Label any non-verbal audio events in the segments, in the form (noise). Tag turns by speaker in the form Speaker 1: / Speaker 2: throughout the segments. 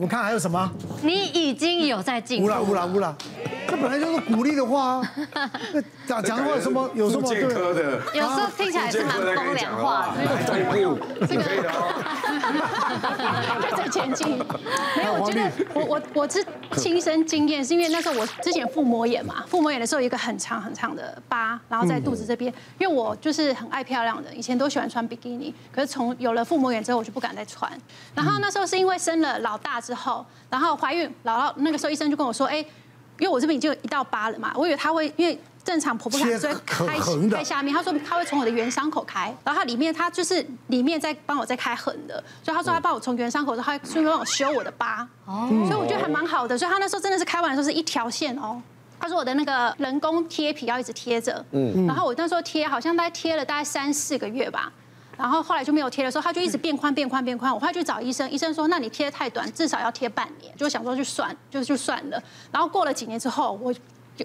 Speaker 1: 我們看還有什麼？
Speaker 2: 你已經有在進步了。烏拉烏拉烏
Speaker 1: 拉！這本來就是鼓勵的話啊。講講 (laughs) 的話有什麼？有什麼？有的。對啊、有時
Speaker 2: 候聽起來是蠻風
Speaker 3: 涼話。進、啊啊、步。哈哈哈哈哈！ (laughs) 就在前進，沒有，我覺得我我我是親身經驗，是因為那時候我之前腹膜炎嘛，腹膜炎的時候有一個很長很長的疤，然後在肚子這邊，因為我就是很愛漂亮的，以前都喜歡穿比基尼，可是從有了腹膜炎之後，我就不敢再穿。然後那時候是因為生了老大之後，然後懷孕，然後那個時候醫生就跟我說，哎，因為我這邊已經有一道疤了嘛，我以為他會因為。正常，婆婆她會開在下面。他說他會從我的原傷口開，然後他裡面他就是裡面在幫我在開痕的，所以他說他幫我從原傷口，然後幫我修我的疤。嗯、所以我覺得還蠻好的，我所以他那時候真的是開完的時候是一條線哦。他說我的那個人工貼皮要一直貼着，嗯。然後我那時候貼好像大概貼了大概三四個月吧，然後後來就沒有貼的時候，他就一直變寬變寬變寬。我後來去找醫生，醫生說那你貼得太短，至少要貼半年，就想說就算就就算了。然後過了幾年之後我。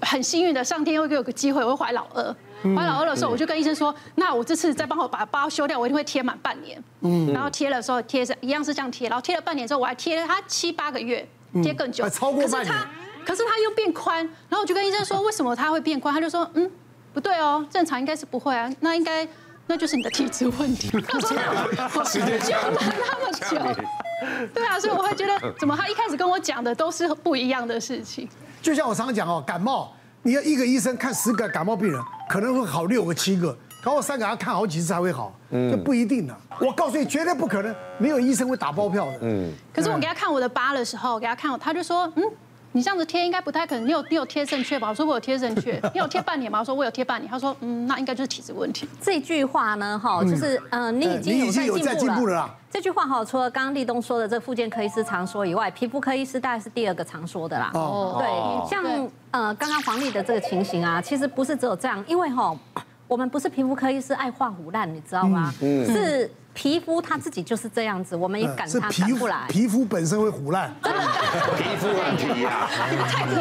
Speaker 3: 很幸運的，上天又給我個機會，我懷老二。懷老二的時候，我就跟醫生說：“那我這次再幫我把疤修掉，我一定會貼滿半年。”嗯。然後貼的時候貼上一樣是這樣貼，然後貼了半年之後，我還貼了他七八個月，貼更久。超過半年。可是他，可是他又變寬，然後我就跟醫生說：“為什麼他會變寬？”他就說：“嗯，不對哦，正常應該是不會啊，那應該那就是你的體質問題。”
Speaker 1: 時間久了那
Speaker 4: 麼久。
Speaker 3: 對啊，所以我會覺得，怎麼他一開始跟我講的都是不一樣的事情。
Speaker 1: 就像我常常講哦，感冒，你要一個醫生看十個感冒病人，可能會好六個七個，搞我三個要看好幾次才會好，嗯，這不一定的。嗯。我告訴你，絕對不可能，沒有醫生會打包票的，嗯。
Speaker 5: 可是我
Speaker 3: 給他看我的疤的時候，給他看，他就說，嗯。你這樣子貼應該不太可能。你有你有貼正確吧？我說我有貼正確。
Speaker 2: 你有貼半年嗎？我說我有貼半年。他說嗯，那應該就是體質問題。這句話呢，哈，就是嗯，你已經有在進步了。步了啊、這句話哈，除了剛剛立東說的這個復健科醫師常說以外，皮膚科醫師大概是第二個常說的啦。哦，對，像對呃剛剛黃莉的這個情形啊，其實不是只有這樣，因為哈，我們不是皮膚科醫師愛畫唬爛，你知道嗎？嗯、是。是皮膚它自己就是這樣子，我們也趕它不來。嗯、
Speaker 1: 皮膚本身會唬爛，真的。皮膚太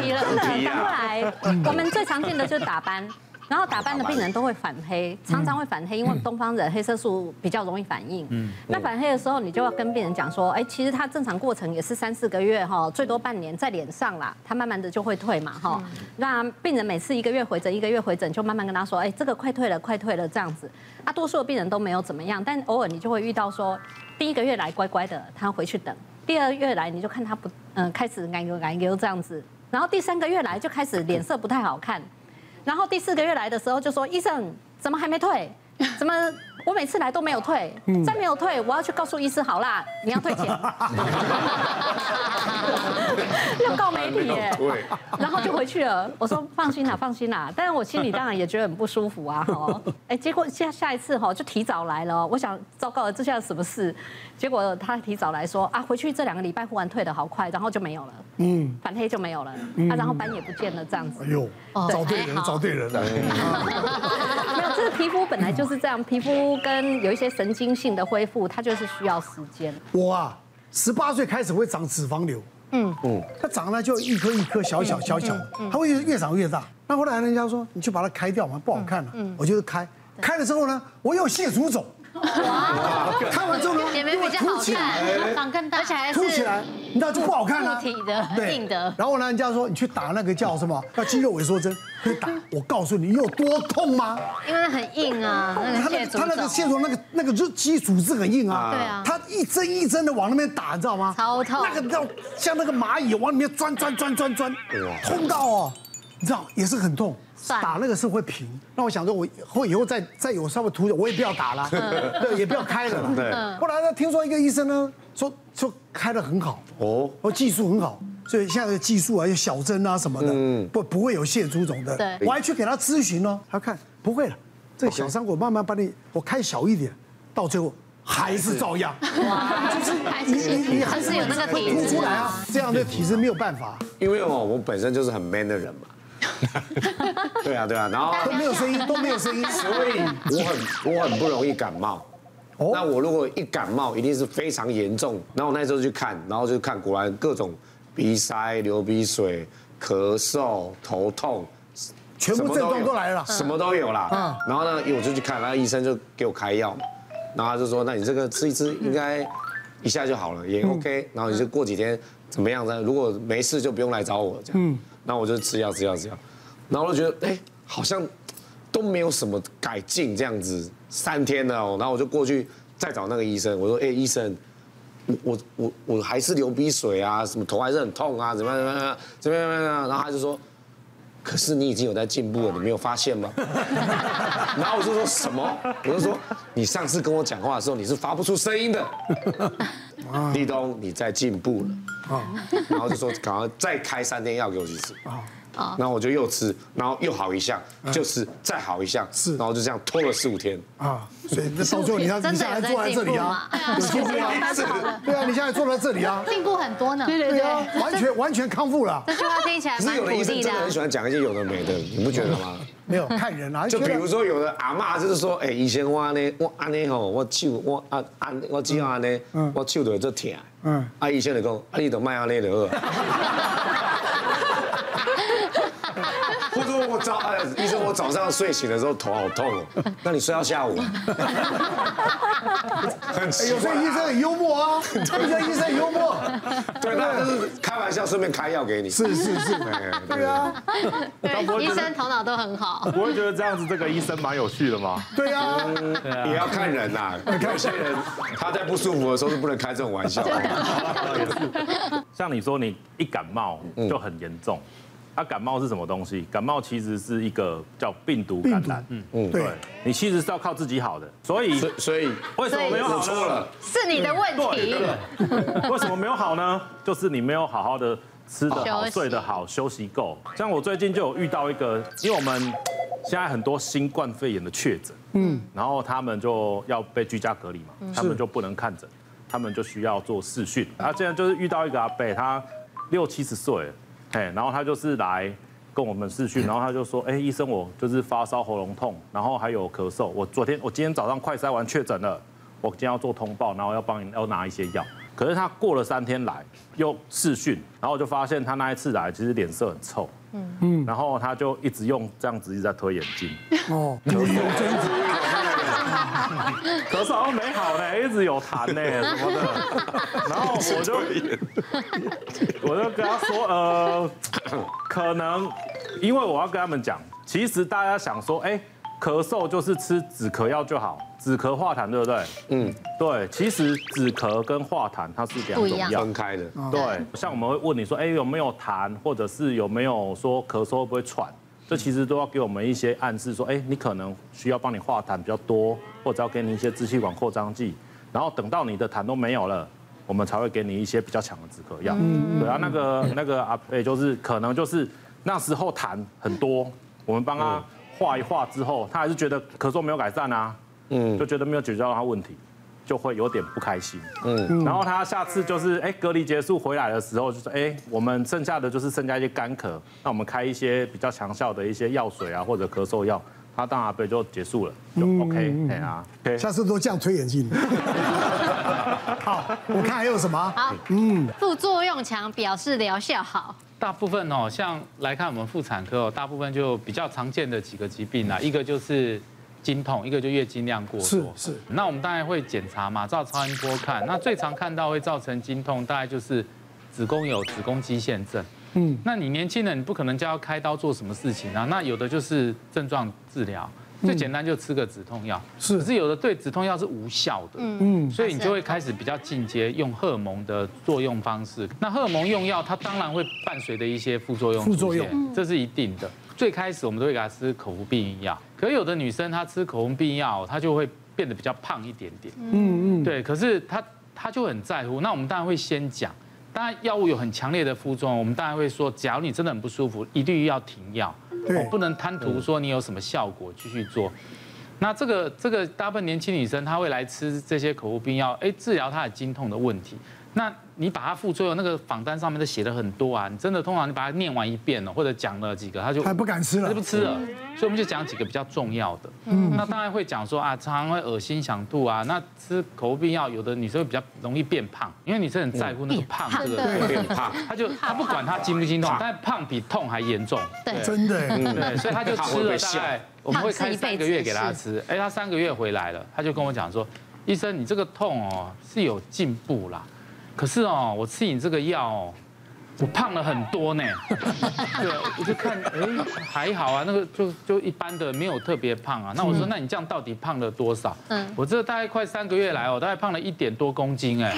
Speaker 1: 皮了，太皮了。當然，
Speaker 2: 我們最常見的就是打斑。然後打扮，的病人都會反黑，常常會反黑，因為東方人黑色素比較容易反應。嗯。那反黑的時候，你就要跟病人講說，哎、欸，其實他正常過程也是三四個月哈，最多半年在臉上啦，他慢慢的就會退嘛哈。嗯、那病人每次一個月回診，一個月回診就慢慢跟他說，哎、欸，這個快退了，快退了這樣子。啊，多數的病人都沒有怎麼樣，但偶爾你就會遇到說，第一個月來乖乖的，他回去等。第二月來你就看他不，嗯、呃，開始哎呦哎呦這樣子。然後第三個月來就開始臉色不太好看。然後第四個月來的時候就說，醫生怎麼還沒退？怎麼？我每次來都沒有退，再沒有退，我要去告訴醫師好辣，你要退錢。要 (laughs) 告媒體哎，然後就回去了。我說放心啦，放心啦，但是我心裡當然也覺得很不舒服啊。哎、喔欸，結果下下一次哈、喔、就提早來了，我想糟糕了，這下什麼事？結果他提早來說啊，回去這兩個禮拜忽然退的好快，然後就沒有了，嗯、反黑就沒有了，嗯啊、然後斑也不見了，這樣子。哎呦，找對人，找
Speaker 1: 對人了。
Speaker 2: 好嗯、沒有，這個皮膚本來就是這樣，皮膚。跟有一些神經性的恢復，它就是需要時間。
Speaker 1: 我啊，十八歲開始會長脂肪瘤，嗯嗯，它長了就一顆一顆小小小小的，它會越長越大。那後來人家說，你去把它開掉嘛，不好看了。嗯，我就是開，開了之後呢，我又有蟹足腫，
Speaker 6: 開完之後，能。姐妹這樣好看。凸起來，
Speaker 1: 你知道就不好看了、啊。對的，然後呢，人家說你去打那個叫什麼，叫肌肉萎縮針，可以打。我告訴你，你有多痛嗎？因
Speaker 2: 為它很硬啊、那個它那個，它那個線
Speaker 1: 索那個、那個就是肌肉組織很硬啊。對啊，他一針一針的往那邊打，你知道嗎？超痛。那個叫像那個螞蟻往裡面鑽鑽鑽鑽鑽，痛到哦、喔。你知道也是很痛，打那個是會平。那我想說，我後以後再再有稍微突點我也不要打了，對，也不要開了啦對。後來呢，聽說一個醫生呢說說開的很好哦，哦技術很好，所以現在的技術啊，有小針啊什麼的，嗯、不不會有蟹足腫的。對。我還去給他諮詢呢，他看不會了，這個小傷口慢慢把你我開小一點，到最後還是照樣，
Speaker 3: 還是哇就是還是有那個凸出來啊，這
Speaker 1: 樣的體質沒有辦法，
Speaker 5: 因為哦我本身就是很 man 的人嘛。 (laughs) 對啊對啊，啊、然後都沒
Speaker 1: 有聲音，都沒有聲音，所以
Speaker 5: 我很我很不容易感冒。那我如果一感冒，一定是非常嚴重。然後我那時候去看，然後就看，果然各種鼻塞、流鼻水、咳嗽、頭痛，全部症狀都來了，什麼都有啦。然後呢，我就去看，然後醫生就給我開藥，然後他就說：那你這個吃一吃，應該一下就好了，也 OK。然後你就過幾天怎麼樣呢？如果沒事就不用來找我這樣。嗯。那我就吃藥吃藥吃藥。然後我就覺得，哎、欸，好像都沒有什麼改進這樣子，三天了、喔。然後我就過去再找那個醫生，我說，哎、欸，醫生，我我我我還是流鼻水啊，什麼頭還是很痛啊，怎麼樣怎麼樣怎麼樣怎麼樣？然後他就說，可是你已經有在進步了，你沒有發現嗎？然後我就說什麼？我就說，你上次跟我講話的時候，你是發不出聲音的。立東，你在進步
Speaker 2: 了。
Speaker 5: 啊。然後就說，趕快再開三天藥給我去吃。啊。然後我就又吃，然後又好一下，就是再好一下，是，然後就這樣拖了四五天啊。
Speaker 1: 所以，少做你，你你現在，你現在還坐在這裡啊，你對啊，啊啊、你現在坐在這裡啊，
Speaker 6: 進步很多呢。對對對啊，啊啊、完全
Speaker 1: 完全康復了。這句話聽起來有的醫生真的，很喜歡講一些有的沒的，你不覺得嗎？沒有看人啊。就比如說有的阿媽
Speaker 5: 就是說，哎，以前我呢，我阿奶吼，我手我阿、啊、阿我這樣呢，我手在在疼。嗯。啊，以前的講，阿姨都賣阿奶的。好。啊
Speaker 1: 或者我早，醫生我早上
Speaker 5: 睡醒的時候頭好痛哦，那你睡到下午，
Speaker 1: 很，有些醫生很幽默啊，有
Speaker 5: 些醫生幽默，
Speaker 1: 對，那
Speaker 2: 就
Speaker 5: 是開玩笑，順便開藥給你，是是是，對啊，
Speaker 2: 對，醫生頭腦都
Speaker 6: 很好，不會
Speaker 5: 覺得這樣子這個醫生蠻有趣的嗎？對啊，也要看人吶，看有些人他在不舒服的時候是
Speaker 7: 不能開這種玩笑，也是，像你說你一感冒就很嚴重。啊，感冒是什麼東西？感冒其實是一個叫病毒感染。嗯嗯，對，對，你其實是要靠自己好的。所以所以為什麼沒有好？是你的問題。 (laughs) 為什麼沒有好呢？就是你沒有好好的吃得好、息睡得好、休息夠。像我最近就有遇到一個，因為我們現在很多新冠肺炎的確診，嗯，然後他們就要被居家隔離嘛，是他們就不能看診，他們就需要做視訊。嗯、啊，這樣就是遇到一個阿伯，他六七十歲。哎，然後他就是來跟我們視訊，然後他就說，哎，醫生，我就是發燒、喉嚨痛，然後還有咳嗽。我昨天，我今天早上快篩完確診了，我今天要做通報，然後要幫你要拿一些藥。可是他過了三天來又視訊，然後我就發現他那一次來其實臉色很臭，嗯嗯，然後他就一直用這樣子一直在推眼鏡，
Speaker 1: 哦，推眼鏡。
Speaker 7: 咳嗽好沒好呢、欸，一直有痰呢、欸，什麼的。然後我就，我就跟他說，呃，可能因為我要跟他們講，其實大家想說，哎，咳嗽就是吃止咳藥就好，止咳化痰，對不對？嗯，對。其實止咳跟化痰它是兩種藥，分開的。對。像我們會問你說，哎，有沒有痰，或者是有沒有說咳嗽會不會喘？這其實都要給我們一些暗示，說，哎、欸，你可能需要幫你化痰比較多，或者要給你一些支氣管擴張劑，然後等到你的痰都沒有了，我們才會給你一些比較強的止咳藥。對啊、然後、嗯啊、那個那個啊，哎，就是可能就是那時候痰很多，我們幫他化一化之後，他還是覺得咳嗽沒有改善啊，嗯，就覺得沒有解決到他問題。就會有點不開心，嗯，然後他下次就是，哎，隔離結束回來的時候，就是哎，我們剩下的就是剩下一些乾咳，那我們開一些比較強效的一些藥水啊，或者咳嗽藥，他當然被就結束
Speaker 1: 了，就 OK，啊、嗯，嗯、OK, 下次都這樣推眼鏡。好，我看還有什麼？
Speaker 2: 嗯，副作用強表示療效好。
Speaker 4: 大部分哦，像來看我們婦產科哦，大部分就比較常見的幾個疾病啊，一個就是。經痛，一個就月經量過多。是，是。那我們大概會檢查嘛，照超音波看，那最常看到會造成經痛，大概就是子宮有子宮肌腺症。嗯。那你年輕人，你不可能就要開刀做什麼事情啊？那有的就是症狀治療，最簡單就吃個止痛藥。是。可是有的對止痛藥是無效的。嗯。所以你就會開始比較進階用荷爾蒙的作用方式。那荷爾蒙用藥，它當然會伴隨着一些副作用。副作用，這是一定的。最開始我們都會給他吃口服避孕藥。可有的女生她吃口服避孕藥，她就會變得比較胖一點點。嗯嗯，對。可是她她就很在乎。那我們當然會先講，當然藥物有很強烈的副作用，我們當然會說，假如你真的很不舒服，一定要停藥，對嗯、我不能貪圖說你有什麼效果繼續做。那這個這個大部分年輕女生她會來吃這些口服避孕藥，哎、欸，治療她的經痛的問題。那你把它副作用，那個仿單上面都寫的很多啊。你真的通常你把它念完一遍哦、喔，或者講了幾個，他就還不敢吃了、嗯，就不吃了。所以我們就講幾個比較重要的。嗯，嗯。那當然會講說啊，常常會惡心、想吐啊。那吃口服避孕藥，有的女生會比較容易變胖，因為女生很在乎那個胖。嗯、這個會變胖，他就他不管他經不經痛，但胖比痛還嚴重。對，真的。對，所以他就吃了。哎，我們會開三個月給他吃。哎，他三個月回來了，他就跟我講說，醫生，你這個痛哦、喔、是有進步啦。可是哦、喔，我吃你這個藥，哦，我胖了很多呢。對，我就看，哎、欸，還好啊，那個就就一般的，沒有特別胖啊。那我說，嗯、那你這樣到底胖了多少？嗯，我這大概快三個月來，我大概胖了一點多公斤，哎。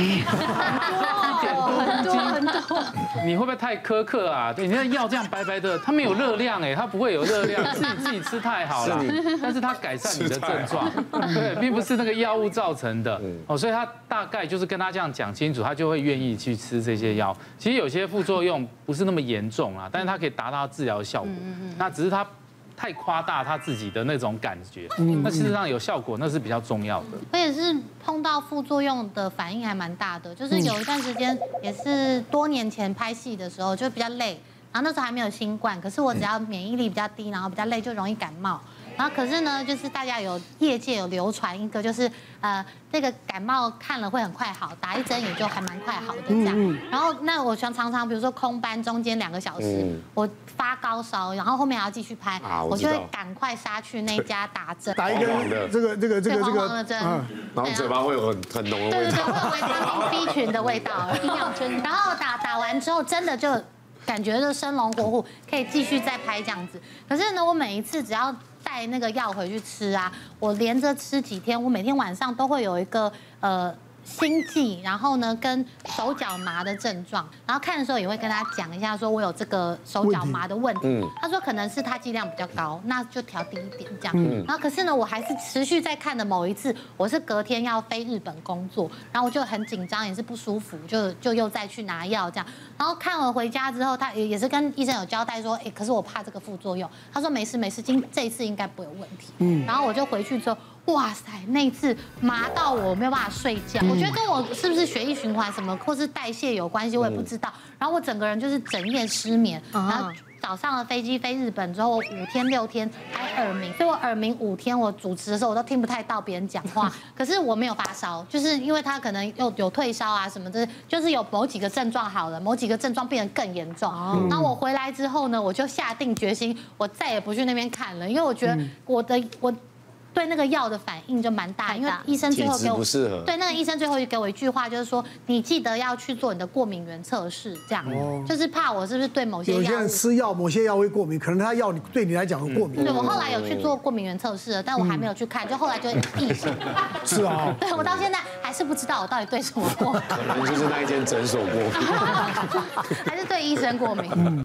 Speaker 4: 很多很多，你會不會太苛刻啊？你那個藥這樣白白的，它沒有熱量哎，它不會有熱量，自己自己吃太好了。但是它改善你的症狀，對，並不是那個藥物造成的哦，所以他大概就是跟他這樣講清楚，他就會願意去吃這些藥。其實有些副作用不是那麼嚴重啊，但是它可以達到治療效果。那只是它。太誇大他自己的那種感覺，嗯，那事實上有效果，那是比較重要的。
Speaker 6: 我也是碰到副作用的反應還蠻大的，就是有一段時間也是多年前拍戲的時候就比較累，然後那時候還沒有新冠，可是我只要免疫力比較低，然後比較累就容易感冒。然後可是呢，就是大家有業界有流傳一個，就是呃那個感冒看了會很快好，打一針也就還蠻快好的這樣。然後那我常常常比如說空班中間兩個小時，我發高燒，然後後面還要繼續拍，我就會趕快殺去那家打針，打一個你的這
Speaker 5: 個這個這個這個，然後嘴巴會有很很濃的味道，對
Speaker 6: 對對，會聞到 B 群的味道，B 群。然後打打完之後真的就感覺就生龍活虎，可以繼續再拍這樣子。可是呢，我每一次只要帶那個藥回去吃啊，我連着吃幾天，我每天晚上都會有一個呃。心悸，然後呢，跟手腳麻的症狀，然後看的時候也會跟他講一下，說我有這個手腳麻的問題。他說可能是他劑量比較高，那就調低一點這樣。然後可是呢，我還是持續在看的。某一次，我是隔天要飛日本工作，然後我就很緊張，也是不舒服，就就又再去拿藥這樣。然後看我回家之後，他也是跟醫生有交代說，哎，可是我怕這個副作用。他說沒事沒事，今這一次應該不會有問題。嗯，然後我就回去之後。哇塞，那一次麻到我沒有辦法睡覺，我覺得跟我是不是血液循環什麼或是代謝有關係，我也不知道。然後我整個人就是整夜失眠，然後早上的飛機飛日本之後，五天六天還耳鳴，所以我耳鳴五天，我主持的時候我都聽不太到別人講話。可是我沒有發燒，就是因為他可能又有，有退燒啊什麼的，就是有某幾個症狀好了，某幾個症狀變得更嚴重。然後我回來之後呢，我就下定決心，我再也不去那邊看了，因為我覺得我的我。對那個藥的反應就蠻大，因為醫生最後給我對，那個醫生最後就給我一句話，就是說你記得要去做你的過敏原測試，這樣哦，就是怕我是不是對某些藥，有些人
Speaker 1: 吃藥某些藥會過敏，可能他藥對你來講會過敏。對，
Speaker 6: 我後來有去做過敏原測試了，但我還沒有去看，就後來就醫生
Speaker 1: 是啊，
Speaker 6: 對，我到現在還是不知道我到底對什麼過
Speaker 1: 敏，可能就是那一天診所過
Speaker 6: 敏，還是對醫生過敏。